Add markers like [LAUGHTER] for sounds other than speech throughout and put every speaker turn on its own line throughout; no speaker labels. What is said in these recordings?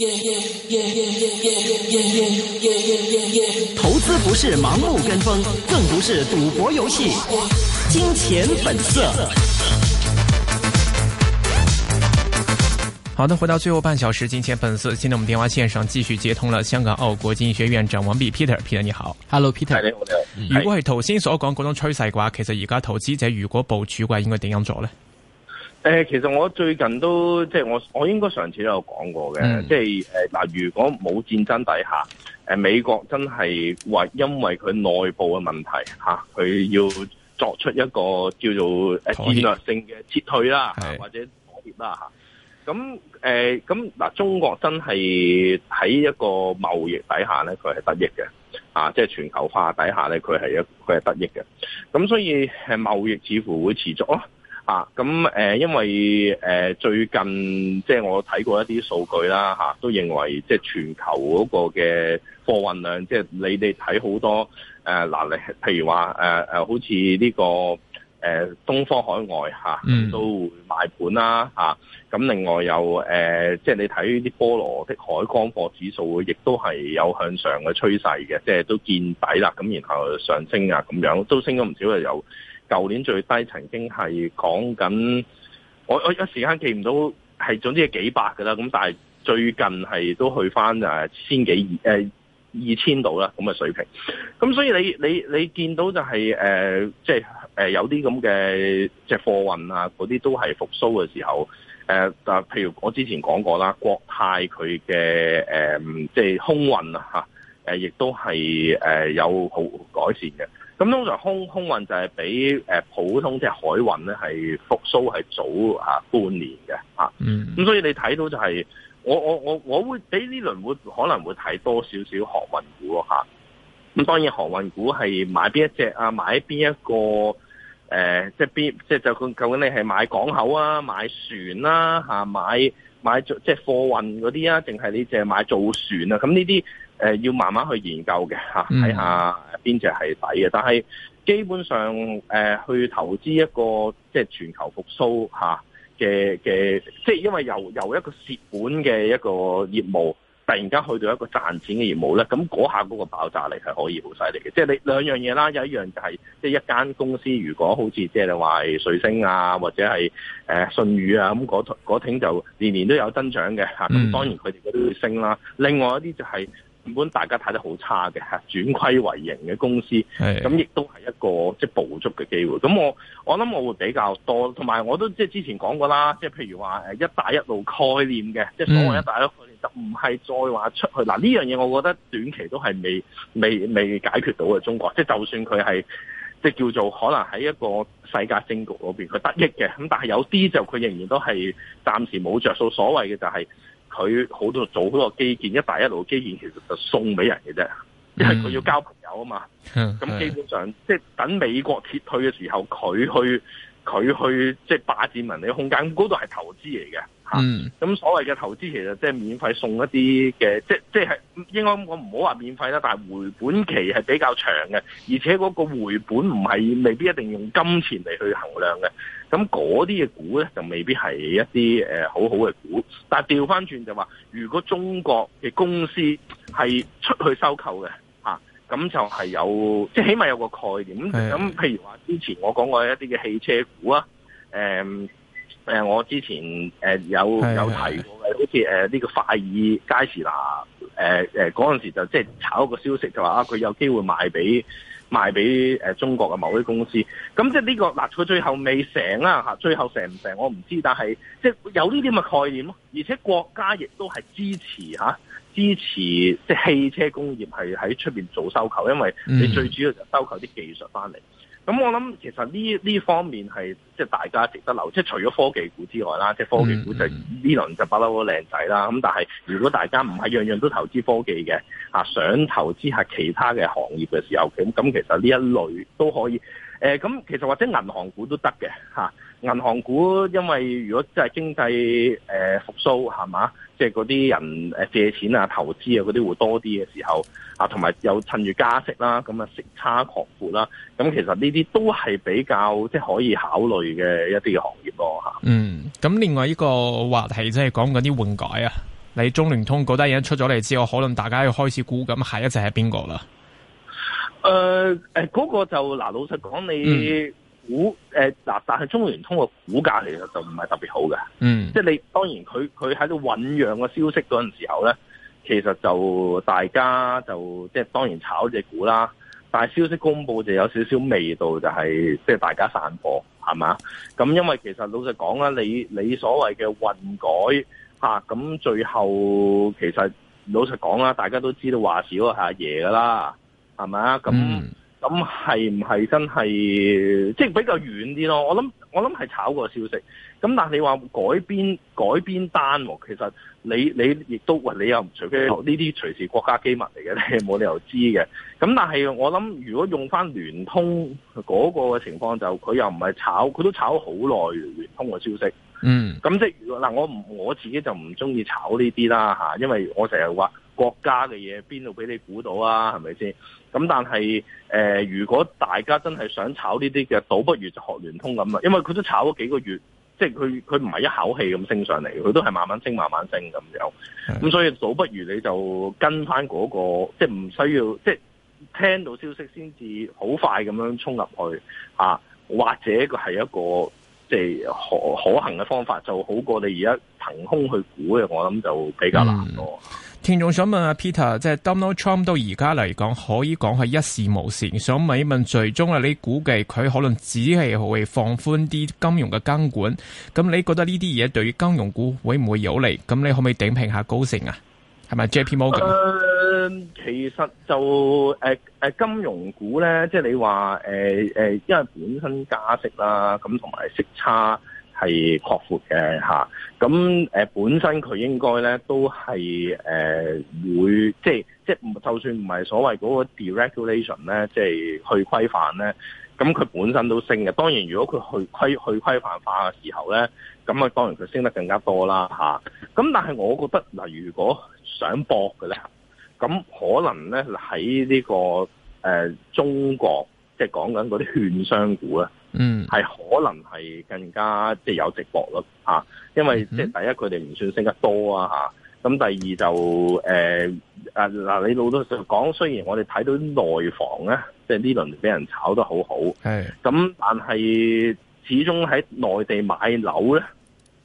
Yeah, yeah, yeah, yeah, yeah, yeah, yeah, yeah,
投資不是盲目跟風，更不是賭博遊戲。金錢本
色 [NOISE] 。
好的，回到最後半小時，金錢本色。現在我們電話線上繼續接通了香港奧國經濟學院院長王弼 Peter，Peter 你好，Hello Peter，你好你 I- 好。如果係頭先所講嗰種趨勢嘅話，其實而家投資者如果部署嘅話，應該點樣做呢？
誒、呃，其實我最近都即係我我應該上次都有講過嘅、嗯，即係誒嗱，如果冇戰爭底下，誒、呃、美國真係為因為佢內部嘅問題吓，佢、啊、要作出一個叫做誒戰略性嘅撤退啦，或者妥協啦吓，咁誒咁嗱，中國真係喺一個貿易底下咧，佢係得益嘅，啊，即係全球化底下咧，佢係一佢係得益嘅，咁所以誒貿易似乎會持續咯。啊，咁誒、呃，因為誒、呃、最近即係我睇過一啲數據啦，嚇、啊、都認為即係全球嗰個嘅貨運量，即係你哋睇好多誒嗱，嚟、呃呃、譬如話誒誒，好似呢、這個誒、呃、東方海外嚇、啊，都會賣盤啦，嚇、啊、咁、啊、另外又誒、呃，即係你睇啲波羅的海乾貨指數，亦都係有向上嘅趨勢嘅，即係都見底啦，咁然後上升啊，咁樣都升咗唔少啊，有。舊年最低曾經係講緊，我我一時間記唔到係，總之係幾百噶啦，咁但係最近係都去返誒千幾二誒、呃、二千度啦咁嘅水平，咁所以你你你見到就係誒即係誒有啲咁嘅即係貨運啊嗰啲都係復甦嘅時候誒，但、呃、譬如我之前講過啦，國泰佢嘅誒即係空運啊嚇誒，亦都係誒有好改善嘅。咁通常空空運就係比誒普通即係海運咧係復甦係早啊半年嘅
咁，
嗯、所以你睇到就係我我我我會畀呢輪會可能會睇多少少航運股咯嚇，咁當然航運股係買邊一隻啊，買邊一個、呃、即係邊即係就講究竟你係買港口啊，買船啦，嚇，買。買即係貨運嗰啲啊，定係你淨係買造船啊？咁呢啲要慢慢去研究嘅嚇，睇下邊隻係抵嘅。但係基本上，呃，去投資一個即係全球復甦嚇嘅嘅，即係因為由由一個蝕本嘅一個業務，突然間去到一個賺錢嘅業務咧，咁嗰下嗰個爆炸力係可以好犀利嘅。即係你兩樣嘢啦，有一樣就係即係一間公司，如果好似即係你話水星啊，或者係誒、呃、信宇啊，咁嗰挺就年年都有增長嘅嚇。咁當然佢哋嗰啲會升啦。嗯、另外一啲就係、是、原本大家睇得好差嘅嚇轉虧為盈嘅公司，咁亦都是一個即係捕捉嘅機會，咁我我諗我會比較多，同埋我都即係之前講過啦，即係譬如話誒一帶一路概念嘅，即係所謂一帶一路概念就唔係再話出去嗱呢樣嘢，我覺得短期都係未未未解決到嘅中國，即係就算佢係即係叫做可能喺一個世界政局嗰邊佢得益嘅，咁但係有啲就佢仍然都係暫時冇着數，所謂嘅就係佢好多做好多基建一帶一路基建其實就送俾人嘅啫。因為佢要交朋友啊嘛，
咁、嗯、基本
上是即係等美國撤退嘅時候，佢去佢去即係霸占人哋空間，嗰度係投資嚟嘅，咁、嗯啊、所謂嘅投資其實即係免費送一啲嘅，即即係應該我唔好話免費啦，但係回本期係比較長嘅，而且嗰個回本唔係未必一定用金錢嚟去衡量嘅，咁嗰啲嘅股咧就未必係一啲誒、呃、好好嘅股，但係調翻轉就話，如果中國嘅公司係出去收購嘅。咁就係有，即係起碼有個概念咁。譬如話之前我講過一啲嘅汽車股啊、嗯，我之前有有提過嘅，好似呢個快意佳士拿嗰陣時就即係炒一個消息就話啊，佢有機會賣俾賣俾中國嘅某啲公司。咁即係、這、呢個嗱，佢最後未成啊，最後成唔成我唔知，但係即係有呢啲咁嘅概念咯，而且國家亦都係支持嚇。支持即係汽車工業係喺出邊做收購，因為你最主要就收購啲技術翻嚟。咁、嗯、我諗其實呢呢方面係即係大家值得留，即係除咗科技股之外啦，即係科技股就呢、是嗯嗯、輪就不嬲都靚仔啦。咁但係如果大家唔係樣樣都投資科技嘅，啊想投資下其他嘅行業嘅時候，咁咁其實呢一類都可以。誒、啊、咁其實或者銀行股都得嘅吓。啊。銀行股，因為如果即係經濟誒復甦係嘛，即係嗰啲人誒借錢啊、投資啊嗰啲會多啲嘅時候啊，同埋又趁住加息啦，咁啊息差擴闊啦，咁、啊、其實呢啲都係比較即係、即係、可以考慮嘅一啲嘅行業
咯吓、啊。嗯，咁另外呢個話題即係講緊啲換改啊，你中聯通嗰單嘢出咗嚟之後，可能大家要開始估咁下一隻係邊個啦。誒、
呃、誒，嗰、呃嗰個就嗱、呃，老實講你、嗯。股誒，嗱、呃，但係中國聯通個股價其實就唔係特別好嘅。嗯，即係你當然佢佢喺度醖釀個消息嗰陣時候咧，其實就大家就即係當然炒隻股啦，但係消息公佈就有少少味道、就是，就係即係大家散貨係嘛？咁因為其實老實講啦，你你所謂嘅混改嚇，咁、啊、最後其實老實講啦，大家都知道話事嗰個係阿爺噶啦，係咪啊？咁。嗯咁係唔係真係即係比較遠啲咯？我諗我諗係炒個消息，咁但係你話改編改編單，其實你你亦都你又唔除非呢啲隨時國家機密嚟嘅，你冇理由知嘅。咁但係我諗如果用翻聯通嗰個嘅情況，就佢又唔係炒，佢都炒好耐聯通嘅消息。嗯，咁即係嗱，我我自己就唔中意炒呢啲啦吓，因為我成日話。國家嘅嘢邊度俾你估到啊？係咪先？咁但係誒、呃，如果大家真係想炒呢啲嘅，倒不如就學聯通咁啊。因為佢都炒咗幾個月，即係佢佢唔係一口氣咁升上嚟，佢都係慢慢升、慢慢升咁樣。咁所以倒不如你就跟翻嗰、那個，即係唔需要即係聽到消息先至好快咁樣衝入去啊。或者係一個即係可可行嘅方法，就好過你而家憑空去估嘅，我諗就比較難
囉。嗯聽眾想問阿 Peter，即係 Donald Trump 到而家嚟講，可以講係一事無成。想問一問，最終啊，你估計佢可能只係會放寬啲金融嘅監管，咁你覺得呢啲嘢對於金融股會唔會有利？咁你可唔可以點評下高盛啊？係咪 JP
Morgan？、呃、其實就誒誒、呃，金融股咧，即係你話誒誒，因為本身價值啦，咁同埋息差。係擴闊嘅咁、啊呃、本身佢應該咧都係誒、呃、會，即係即係就算唔係所謂嗰個 deregulation 咧，即係去規範咧，咁佢本身都升嘅。當然，如果佢去，去規去規範化嘅時候咧，咁啊當然佢升得更加多啦咁、啊、但係我覺得嗱、呃，如果想博嘅咧，咁可能咧喺呢、這個誒、呃、中國，即係講緊嗰啲券商股咧。嗯，係可能係更加即係、就是、有值博咯，吓、啊，因為即係第一佢哋唔算升得多啊吓，咁、啊、第二就誒誒嗱，你老老實實講，雖然我哋睇到啲內房咧，即係呢輪俾人炒得好好，係，咁但係始終喺內地買樓咧，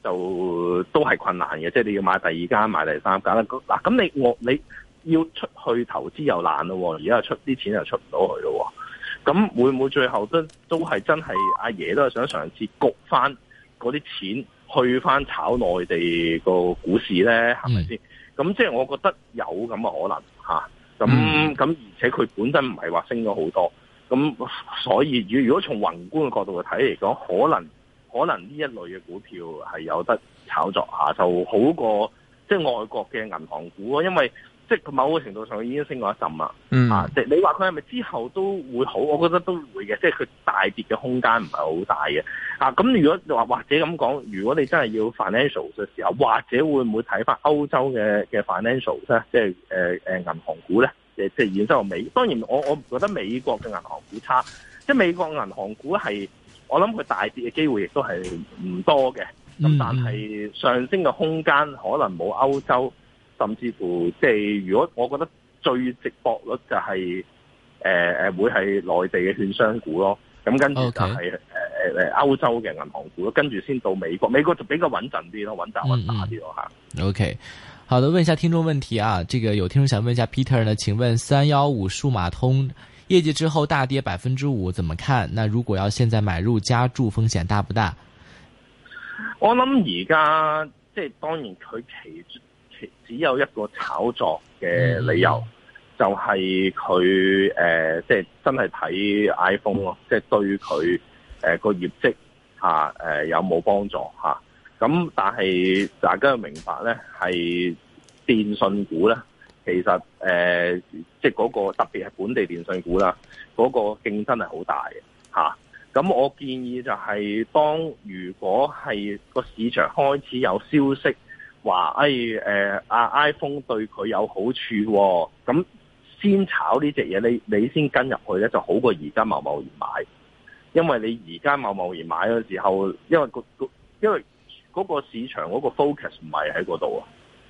就都係困難嘅，即係你要買第二間買第三間啦，嗱，咁你我你要出去投資又難咯，而家出啲錢又出唔到去咯。咁會唔會最後都都係真係阿爺，爺都係想嘗試焗翻嗰啲錢去翻炒內地個股市呢？係咪先？咁、mm. 即係我覺得有咁嘅可能嚇。咁、啊、咁、嗯、而且佢本身唔係話升咗好多，咁所以如果從宏觀嘅角度去睇嚟講，可能可能呢一類嘅股票係有得炒作下、啊、就好過即係外國嘅銀行股咯，因為。即係佢某個程度上已經升過一陣，嗯啊，即係你話佢係咪之後都會好？我覺得都會嘅，即係佢大跌嘅空間唔係好大嘅。啊，咁如果或或者咁講，如果你真係要 financial 嘅時候，或者會唔會睇返歐洲嘅嘅 financial 咧？即係誒誒銀行股咧？誒即係衍生我美。當然我我唔覺得美國嘅銀行股差，即係美國銀行股係我諗佢大跌嘅機會亦都係唔多嘅。
咁、嗯嗯、但係
上升嘅空間可能冇歐洲。甚至乎、就是，即係如果我覺得最值博率就係誒誒，會係內地嘅券商股咯。咁跟住就係誒誒，歐、okay. 呃呃、洲嘅銀行股咯。跟住先到美國，美國就比較穩陣啲咯，穩紮穩打啲咯
吓。OK，好的，問一下聽眾問題啊。這個有聽眾想問一下 Peter 呢？請問三一五數碼通業績之後大跌百分之五，怎麼看？那如果要現在買入，加注風險大不大？
我諗而家即係當然佢其。只有一個炒作嘅理由，就係佢誒，即、呃、係、就是、真係睇 iPhone 咯，即係對佢誒個業績吓誒有冇幫助吓？咁、啊、但係大家要明白咧，係電信股咧，其實誒即係嗰個特別係本地電信股啦，嗰、那個競爭係好大嘅吓。咁、啊、我建議就係、是、當如果係個市場開始有消息，話哎誒，阿、哎啊、iPhone 對佢有好處喎、哦，咁先炒呢隻嘢，你你先跟入去咧，就好過而家貿貿然買，因為你而家貿貿然買嘅時候，因為個因為嗰個市場嗰個 focus 唔係喺嗰度啊，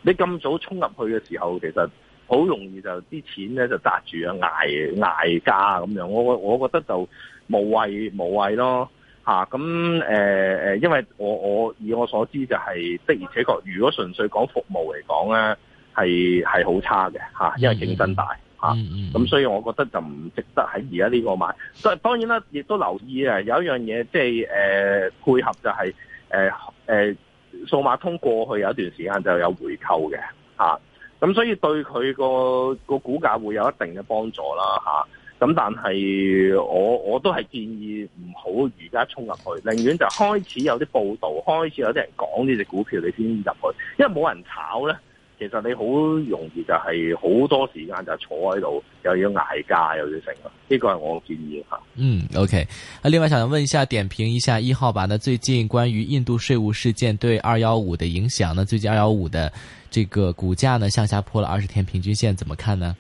你咁早衝入去嘅時候，其實好容易就啲錢咧就紮住啊，捱捱價咁樣，我我覺得就無謂無謂咯。嚇咁誒誒，因為我我以我所知就係的而且確，如果純粹講服務嚟講咧，係係好差嘅嚇、啊，因為競爭大嚇。咁、啊、所以我覺得就唔值得喺而家呢個買。但係當然啦，亦都留意啊，有一樣嘢即係誒配合就係誒誒數碼通過去有一段時間就有回購嘅嚇。咁、啊、所以對佢個個股價會有一定嘅幫助啦嚇。啊。咁但係我我都係建議唔好而家沖入去，寧願就開始有啲報道，開始有啲人講呢隻股票，你先入去，因為冇人炒呢。其實你好容易就係好多時間就坐喺度，又要挨價又要成啊！呢個係我建議吓。嗯
，OK。另外想問一下，點評一下一號板。呢最近關於印度稅務事件對二幺五的影響，呢最近二幺五的這個股價呢向下破了二十天平均線，怎麼看呢？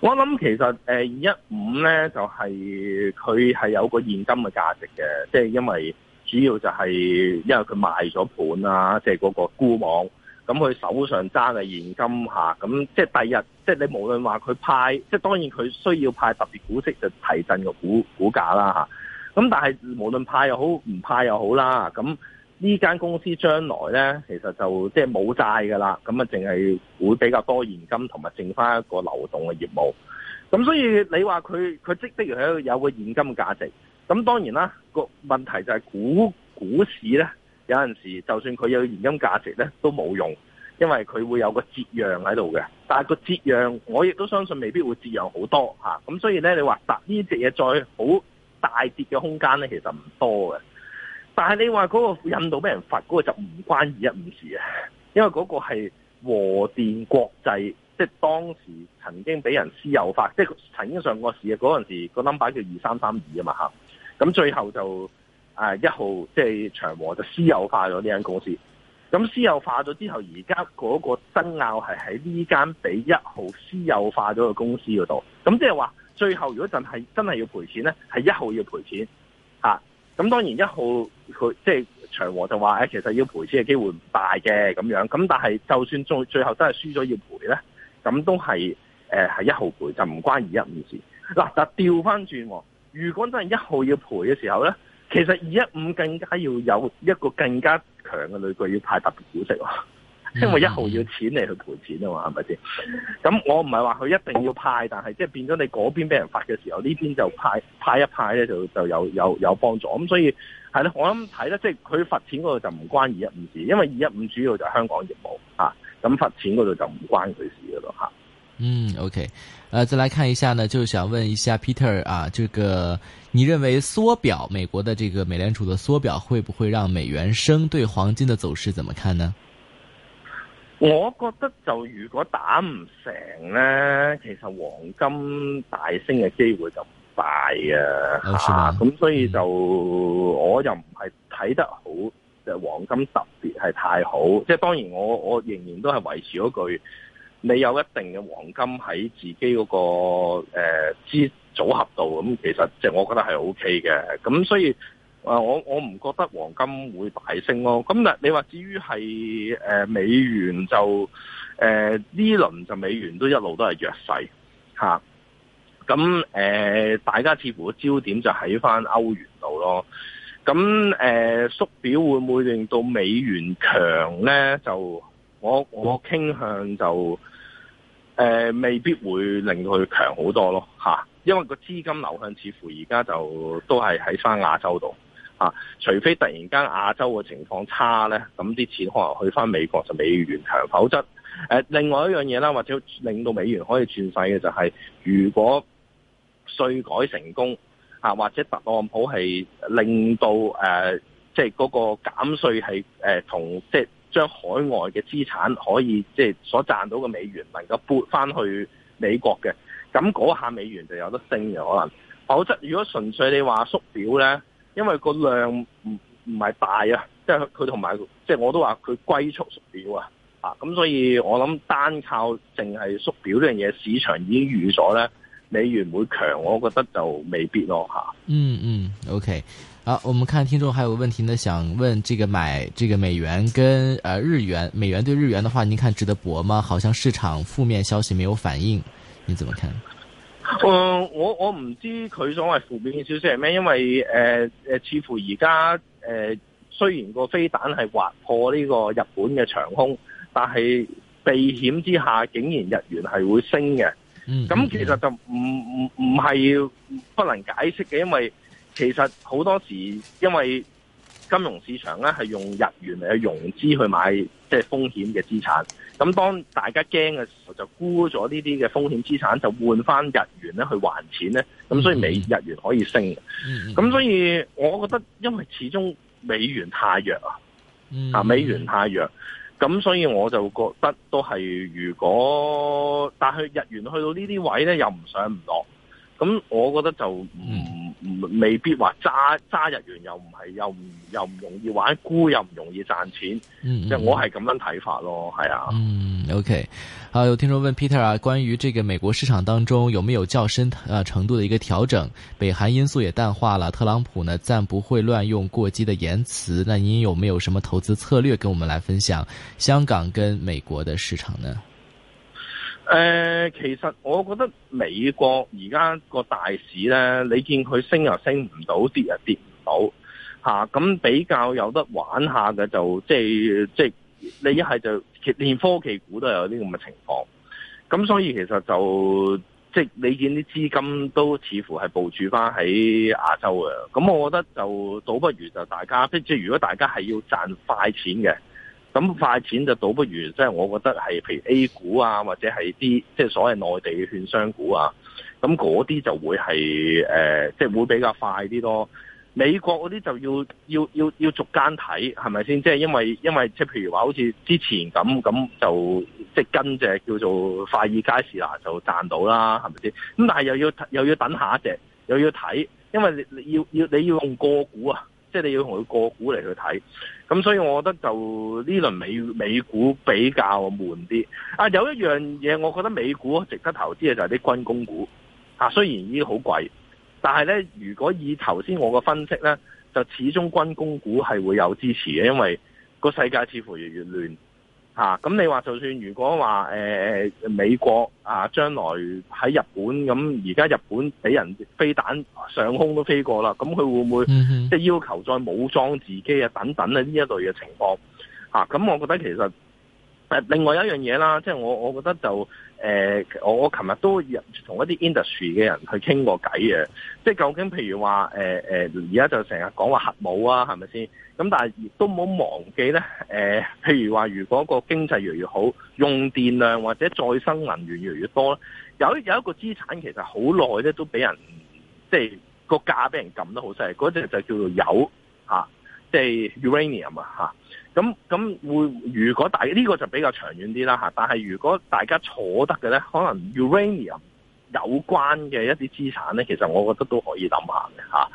我諗其實誒，二一五咧就係佢係有個現金嘅價值嘅，即係因為主要就係因為佢賣咗盤啦，即係嗰個固網，咁佢手上揸嘅現金吓，咁即係第日，即係你無論話佢派，即係當然佢需要派特別股息就提振個股股價啦吓，咁但係無論派又好唔派又好啦，咁。呢間公司將來呢，其實就即係冇債㗎啦，咁啊，淨係會比較多現金同埋剩返一個流動嘅業務。咁所以你話佢佢即的如係有個現金價值，咁當然啦，個問題就係股股市呢，有陣時就算佢有現金價值呢，都冇用，因為佢會有個折讓喺度嘅。但係個折讓，我亦都相信未必會折讓好多吓。咁所以呢，你話呢隻嘢再好大跌嘅空間呢，其實唔多嘅。但係你話嗰個印度俾人罰嗰、嗰個就唔關二一五事啊，因為嗰個係和電國際，即係當時曾經俾人私有化，即係曾經上過市嘅嗰陣時個 number 叫二三三二啊嘛吓，咁最後就誒一號即係、就是、長和就私有化咗呢間公司，咁私有化咗之後，而家嗰個爭拗係喺呢間俾一號私有化咗嘅公司嗰度，咁即係話最後如果陣係真係要賠錢咧，係一號要賠錢。咁當然一號佢即係長和就話其實要賠錢嘅機會唔大嘅咁樣，咁但係就算最最後真係輸咗要賠呢，咁都係、呃、一號賠，就唔關二一五事。嗱，調返轉喎。如果真係一號要賠嘅時候呢，其實二一五更加要有一個更加強嘅理據，要派特別股息，啊。因為一號要錢嚟去賠錢啊嘛，係咪先？咁、嗯、我唔係話佢一定要派，但係即係變咗你嗰邊俾人罰嘅時候，呢邊就派派一派咧，就就有有有幫助。咁所以係啦，我諗睇咧，即係佢罰錢嗰度就唔關二一五事，因為二一五主要就係香港業務嚇，咁、啊、罰錢嗰度就唔關佢事嘅咯嚇。嗯
，OK，誒、呃，再來看一下呢，就想問一下 Peter 啊，這個你認為縮表美國的這個美聯儲的縮表，會不會讓美元升對黃金的走勢？怎麼看呢？
我覺得就如果打唔成呢，其實黃金大升嘅機會就唔大啊。咁所以就我又唔係睇得好，黃金特別係太好。即係當然我我仍然都係維持嗰句，你有一定嘅黃金喺自己嗰個誒支、呃、組合度，咁其實即係我覺得係 O K 嘅。咁所以。啊！我我唔覺得黃金會大升咯。咁你話至於係誒美元就誒呢輪就美元都一路都係弱勢吓咁、啊呃、大家似乎個焦點就喺翻歐元度咯。咁誒、呃，縮表會唔會令到美元強咧？就我我傾向就、呃、未必會令到佢強好多咯、啊、因為個資金流向似乎而家就都係喺翻亞洲度。啊，除非突然間亞洲嘅情況差咧，咁啲錢可能去翻美國就美元強。否則，誒、呃、另外一樣嘢啦，或者令到美元可以轉勢嘅就係、是，如果稅改成功啊，或者特朗普係令到誒，即係嗰個減稅係誒同即係將海外嘅資產可以即係、就是、所賺到嘅美元能夠撥翻去美國嘅，咁嗰下美元就有得升嘅可能。否則，如果純粹你話縮表咧。因為個量唔唔係大啊，即係佢同埋即係我都話佢歸縮縮表啊，啊咁所以我諗單靠淨係縮表呢樣嘢，市場已經預咗咧美元會強，我覺得就未必咯嚇、啊。
嗯嗯，OK，好、啊，我們看聽眾還有問題呢？想問這個買這個美元跟、呃、日元，美元對日元的話，您看值得搏嗎？好像市場負面消息沒有反應，你怎麼看？
誒、uh，我我唔知佢所謂負面嘅消息係咩，因為、呃、似乎而家、呃、雖然個飛彈係劃破呢個日本嘅長空，但係避險之下，竟然日元係會升嘅。咁、mm-hmm. 其實就唔唔唔係不能解釋嘅，因為其實好多時因為。金融市場咧係用日元嚟去融資去買即係風險嘅資產，咁當大家驚嘅時候就沽咗呢啲嘅風險資產，就換翻日元咧去還錢咧，咁所以日元可以升嘅，咁、嗯、所以我覺得因為始終美元太弱、嗯、
啊，啊美元
太弱，咁所以我就覺得都係如果，但係日元去到這些位呢啲位咧又唔上唔落，咁我覺得就唔。嗯未必話揸揸日元，又唔係，又唔，又唔容易玩沽，又唔容易賺錢，嗯、即係我係咁樣睇法咯，係啊。嗯
，OK，好啊，有聽眾問 Peter 啊，關於這個美國市場當中有沒有較深啊程度的一個調整？北韓因素也淡化了，特朗普呢暫不會亂用過激的言辭。那您有沒有什麼投資策略跟我們來分享？香港跟美國的市場呢？
誒、呃，其實我覺得美國而家個大市咧，你見佢升又升唔到，跌又跌唔到，吓、啊、咁比較有得玩下嘅就即係即係你一係就連科技股都有啲咁嘅情況，咁所以其實就即係你見啲資金都似乎係部署翻喺亞洲嘅，咁我覺得就倒不如就大家即係如果大家係要賺快錢嘅。咁快錢就倒不如即係、就是、我覺得係譬如 A 股啊，或者係啲即係所謂內地嘅券商股啊，咁嗰啲就會係即係會比較快啲囉。美國嗰啲就要要要要逐間睇，係咪先？即、就、係、是、因為因為即係譬如話好似之前咁咁就即係跟隻叫做快爾街市啦就賺到啦，係咪先？咁但係又要又要等下隻，又要睇，因為你，你要要你要用個股啊。即係你要同佢過股嚟去睇，咁所以我覺得就呢輪美美股比較悶啲。啊，有一樣嘢，我覺得美股值得投資嘅就係啲軍工股。嚇、啊，雖然已經好貴，但係呢，如果以頭先我嘅分析呢，就始終軍工股係會有支持嘅，因為個世界似乎越嚟越亂。咁、啊、你話就算如果話、呃、美國啊，將來喺日本咁，而、啊、家日本俾人飛彈上空都飛過啦，咁佢會唔會、mm-hmm. 即係要求再武裝自己啊？等等啊，呢一類嘅情況，咁、啊、我覺得其實另外一樣嘢啦，即係我我覺得就。誒、呃，我我琴日都同一啲 industry 嘅人去傾過偈嘅，即係究竟譬如話誒誒，而、呃、家、呃、就成日講話核武啊，係咪先？咁但係亦都冇忘記咧，誒、呃，譬如話如果個經濟越嚟越好，用電量或者再生能源越嚟越多咧，有有一個資產其實好耐咧都俾人即係、就是、個價俾人撳得好犀利，嗰、那、隻、個、就叫做鈾，嚇、啊，即、就、係、是、uranium 嚇、啊。咁咁會，如果大呢、呢個就比較長遠啲啦嚇。但係如果大家坐得嘅咧，可能 uranium 有關嘅一啲資產咧，其實我覺得都可以諗下嘅嚇。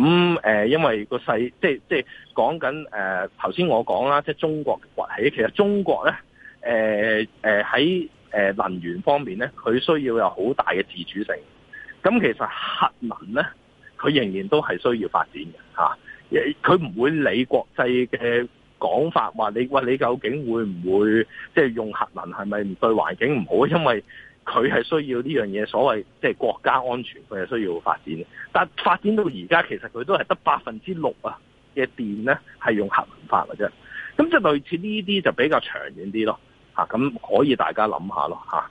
咁因為個世即即，即講緊誒頭先我講啦，即中國崛起，其實中國咧誒喺能源方面咧，佢需要有好大嘅自主性。咁、啊、其實核能咧，佢仍然都係需要發展嘅嚇。佢、啊、唔會理國際嘅。講法話你話你究竟會唔會即係用核能係咪對環境唔好？因為佢係需要呢樣嘢，所謂即係國家安全，佢係需要發展，但發展到而家，其實佢都係得百分之六啊嘅電呢係用核能發嘅啫。咁即係類似呢啲就比較長遠啲咯。嚇，咁可以大家諗下咯。嚇。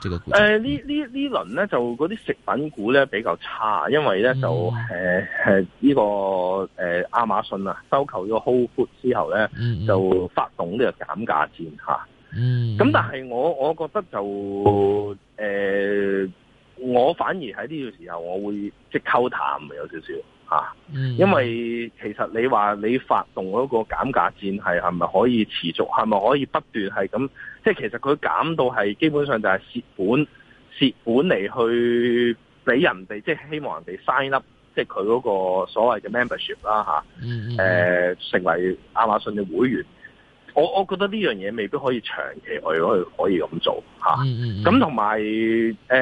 誒、這個，呃、呢呢呢輪咧就嗰啲食品股咧比較差，因為咧、嗯、就誒呢、呃這個誒、呃、亞馬遜啊收購咗 Whole Foods 之後咧、嗯嗯、就發動呢個減價戰吓。咁、啊嗯嗯、但係我我覺得就誒、呃，我反而喺呢個時候我會即係溝淡有少少吓，因為其實你話你發動嗰個減價戰係係咪可以持續，係咪可以不斷係咁？即係其實佢減到係基本上就係蝕本，蝕本嚟去俾人哋，即係希望人哋 sign up，即係佢嗰個所謂嘅 membership 啦嚇。誒，成為亞馬遜嘅會員，我我覺得呢樣嘢未必可以長期去去可以咁做嚇。咁同埋誒誒，咁、呃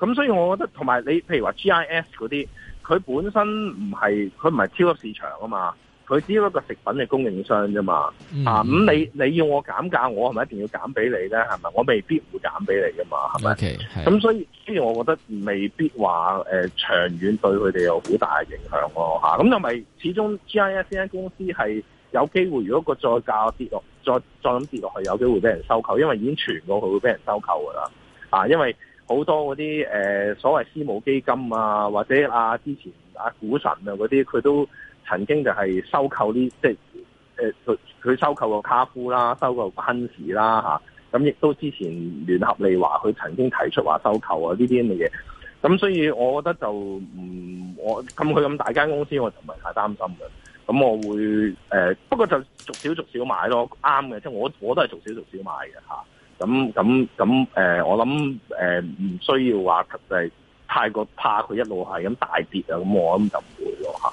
呃、所以我覺得同埋你譬如話 GIS 嗰啲，佢本身唔係佢唔係超級市場啊嘛。佢只要一個食品嘅供應商啫嘛，嗯、啊咁你你要我減價，我係咪一定要減俾你咧？係咪？我未必會減俾你噶嘛，係咪？咁所以，所以，我覺得未必話、呃、長遠對佢哋有好大嘅影響咯嚇。咁又咪始終 G I S 呢間公司係有機會，如果個再價跌落再再咁跌落去，有機會俾人收購，因為已經傳過佢會俾人收購噶啦。啊，因為好多嗰啲、呃、所謂私募基金啊，或者啊之前啊股神啊嗰啲，佢都。曾經就係收購呢，即係誒佢佢收購個卡夫啦，收購亨氏啦嚇，咁、啊、亦、嗯、都之前聯合利華佢曾經提出話收購啊呢啲咁嘅嘢，咁、嗯、所以我覺得就唔、嗯、我咁佢咁大間公司，我就唔係太擔心嘅。咁、嗯、我會誒、呃，不過就逐少逐少買咯，啱嘅。即係我我都係逐少逐少買嘅嚇。咁咁咁誒，我諗誒唔需要話就太過怕佢一路係咁、啊、大跌啊。咁我諗就唔會咯嚇。啊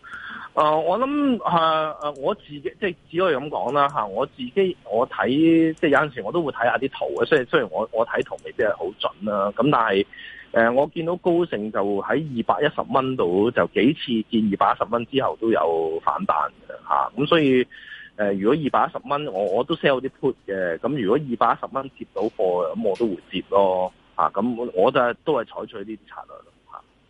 誒、呃，我諗誒誒，我自己即係只可以咁講啦吓，我自己我睇即係有陣時我都會睇下啲圖嘅，雖然雖然我我睇圖未必係好準啦，咁、啊、但係誒、呃、我見到高盛就喺二百一十蚊度就幾次見二百一十蚊之後都有反彈嘅吓，咁、啊嗯、所以誒、呃、如果二百一十蚊我我都 sell 啲 put 嘅，咁、啊、如果二百一十蚊接到貨咁我都會接咯吓，咁、啊啊、我我就係都係採取呢啲策略。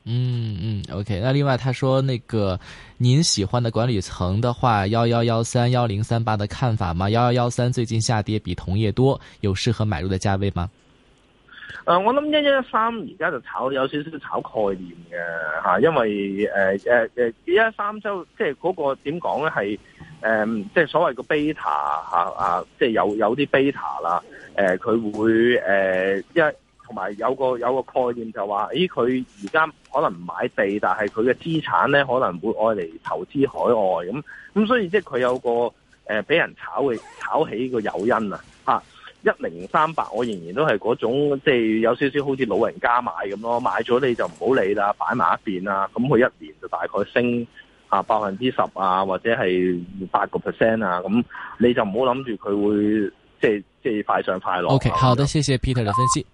嗯嗯，OK。那另外，他說那個您喜歡的管理層的話，幺幺幺三幺零三八的看法嗎？幺幺幺三最近下跌比同業多，有適合買入的價位嗎？
誒、呃，我諗一一三而家就炒有少少炒概念嘅吓，因為誒誒誒，一一三就即係嗰、那個點講咧係誒，即係所謂個 beta 吓、啊、吓，即係有有啲 beta 啦、呃，誒，佢會誒一。同埋有個有個概念就話，咦佢而家可能唔買地，但係佢嘅資產咧可能會愛嚟投資海外咁，咁所以即係佢有個誒俾、呃、人炒嘅炒起個誘因啊！嚇一零三八，我仍然都係嗰種，即係有少少好似老人家買咁咯，買咗你就唔好理啦，擺埋一邊啊！咁佢一年就大概升啊百分之十啊，或者係八個 percent 啊，咁你就唔好諗住佢會即係即係快上快落。OK，好
的，謝謝 Peter 嘅分析。